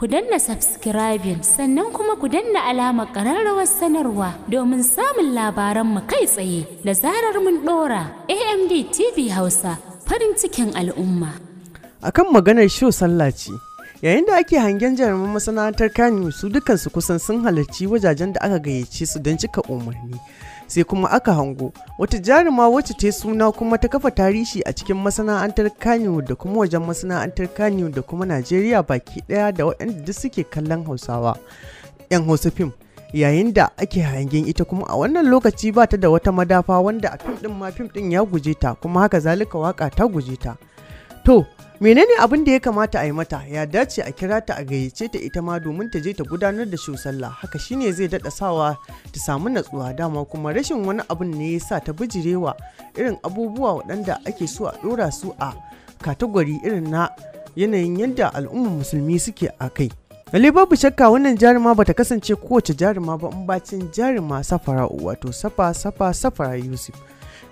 ku danna subscribing sannan kuma ku danna alamar ƙararrawar sanarwa domin samun labaranmu kai tsaye da zarar mun ɗora amd tv hausa farin cikin al'umma akan maganar sho Sallaci, yayin da ake hangen jaruman masana'antar kanu su dukansu kusan sun halarci wajajen da aka gayyace su don cika umarni sai kuma aka hango wata jaruma wacce ta suna kuma ta kafa tarihi a cikin masana'antar kano da kuma wajen masana'antar kano da kuma najeriya baki daya da waɗanda duk suke kallon hausawa 'yan hausa fim yayin da ake hangen ita kuma a wannan lokaci ba ta da wata madafa wanda a fim ɗin ma fim din ya guje ta kuma haka zalika waka ta guje ta to menene abin da ya kamata a yi mata ya dace a kira ta a gayyace ta ita ma domin ta je ta gudanar da sallah haka shine zai dada sawa ta samu natsuwa dama kuma rashin wani abin ne ya sa ta bijirewa irin abubuwa waɗanda ake so a ɗora su a katagori irin na yanayin yadda al'ummar musulmi suke a kai Lalle babu shakka wannan jaruma bata kasance kowace jaruma ba in bacin jaruma safara wato safa safa safara Yusuf.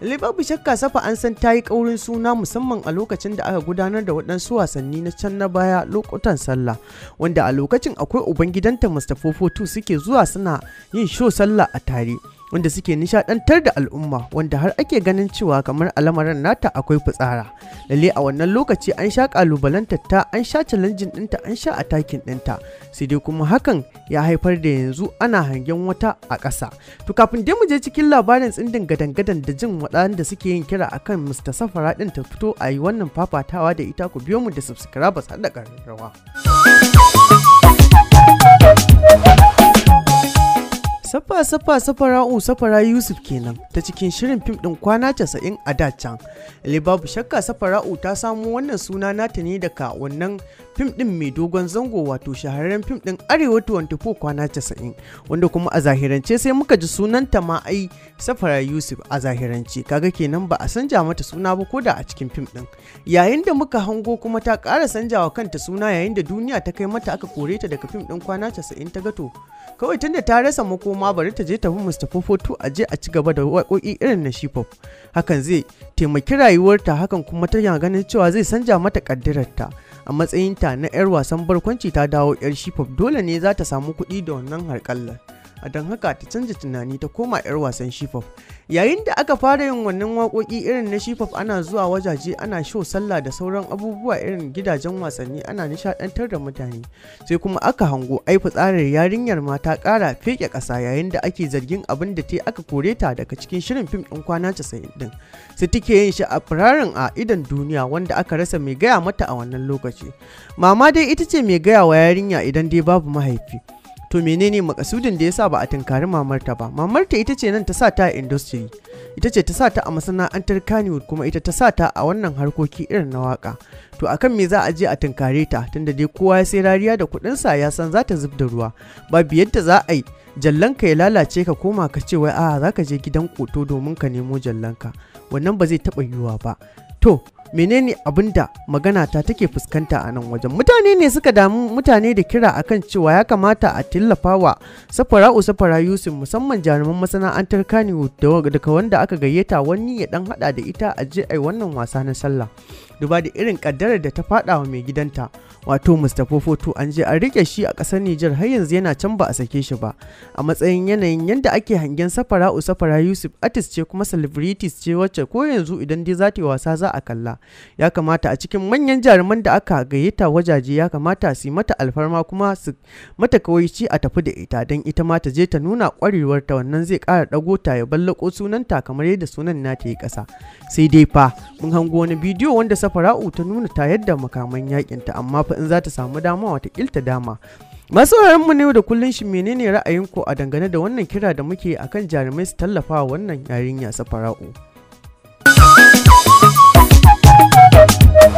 Liverpool shakka safa an san ta yi ƙaurin suna musamman a lokacin da aka gudanar da waɗansu wasanni na can na baya lokutan sallah wanda a lokacin akwai ubangidanta Mustapha 2 suke zuwa suna yin sho sallah a tare. wanda suke nishadantar da al'umma wanda har ake ganin cewa kamar al'amarin nata akwai fitsara lalle a wannan lokaci an sha kalubalantar ta an sha challenging dinta an sha attacking dinta sai dai kuma hakan ya haifar da yanzu ana hangen wata a ƙasa to kafin dai mu je cikin labarin tsindin gadan-gadan da jin da suke yin kira akan Mr. Safara ɗin ta fito a yi wannan fafatawa da ita ku biyo mu da subscribers har da ƙararrawa. Safa safa safara'u safara Yusuf kenan ta cikin shirin fim din kwana casa'in a da can babu shakka safara'u ta samo wannan suna nata ne daga wannan fim din mai dogon zango wato shahararren fim din Arewa 24 kwana casa'in wanda kuma a zahirance sai muka ji sunan ta ma ai safara Yusuf a zahirance kaga kenan ba a sanja mata suna ba koda a cikin fim din Yayin da muka hango kuma ta ƙara sanjawa kanta suna yayin da duniya ta kai mata aka kore ta daga fim din kwana casa'in ta gato kawai tunda ta rasa makoma kuma bari ta je ta bi Mustapha tu a je a ci gaba da waƙoƙi irin na Shipop. Hakan zai taimaki rayuwarta hakan kuma ta tana ganin cewa zai sanja mata kaddararta A matsayinta na 'yar wasan barkwanci ta dawo 'yar Shipop dole ne za ta samu kuɗi da wannan harƙallar. a don haka ta canza tunani ta koma 'yar wasan shifaf yayin da aka fara yin wannan waƙoƙi irin na shifaf ana zuwa wajaje ana sho sallah da sauran abubuwa irin gidajen wasanni ana nishaɗantar da mutane sai kuma aka hango ai tsarin yarinyar ma ta ƙara feke ƙasa yayin da ake zargin abin da ta aka kore ta daga cikin shirin fim ɗin kwana 90 ɗin su take yin shi a firarin a idan duniya wanda aka rasa mai gaya mata a wannan lokaci mama dai ita ce mai gaya wa yarinya idan dai babu mahaifi to menene makasudin da ya sa ba a tunkari mamarta ba mamarta ita ce nan ta sa ta industry ita ce ta sa ta a masana'antar kanywood kuma ita ta sa ta a wannan harkoki irin na waka to akan me za a je a tunkare ta tunda dai kowa ya sai rariya da sa ya san za ta zub da ruwa babu yadda za a yi jallanka ya lalace ka koma ka ce wai a za ka je gidan koto domin ka nemo jallanka wannan ba zai taba yiwuwa ba to menene abin da magana ta take fuskanta a nan wajen mutane ne suka damu mutane da kira akan cewa ya kamata a tallafa wa safara'u safara yusuf musamman jaruman masana'antar kaniwood daga wanda aka gayyata wani ya dan hada da ita a je ai wannan wasa na sallah duba da irin kaddarar da ta fada wa mai gidanta wato mustapha foto an je an rike shi a kasar nijar har yanzu yana can ba a sake shi ba a matsayin yanayin yadda ake hangen safara'u safara yusuf artist ce kuma celebrities ce wacce ko yanzu idan dai za ta yi wasa za a kalla ya kamata a cikin manyan jaruman da aka gayyata wajaje ya kamata su mata alfarma kuma su mata kawaici a tafi da ita don ita ma ta je ta nuna kwarewar ta wannan zai kara dago ta ya ballako sunanta kamar yadda sunan na ta yi kasa sai dai fa mun hango wani bidiyo wanda safara'u ta nuna ta yadda makaman yakin ta amma fa in za ta samu dama wata ta dama masauraran mu ne da kullun shi menene ra'ayinku a dangane da wannan kira da muke akan jarumai su tallafa wannan yarinya safara'u Thank you.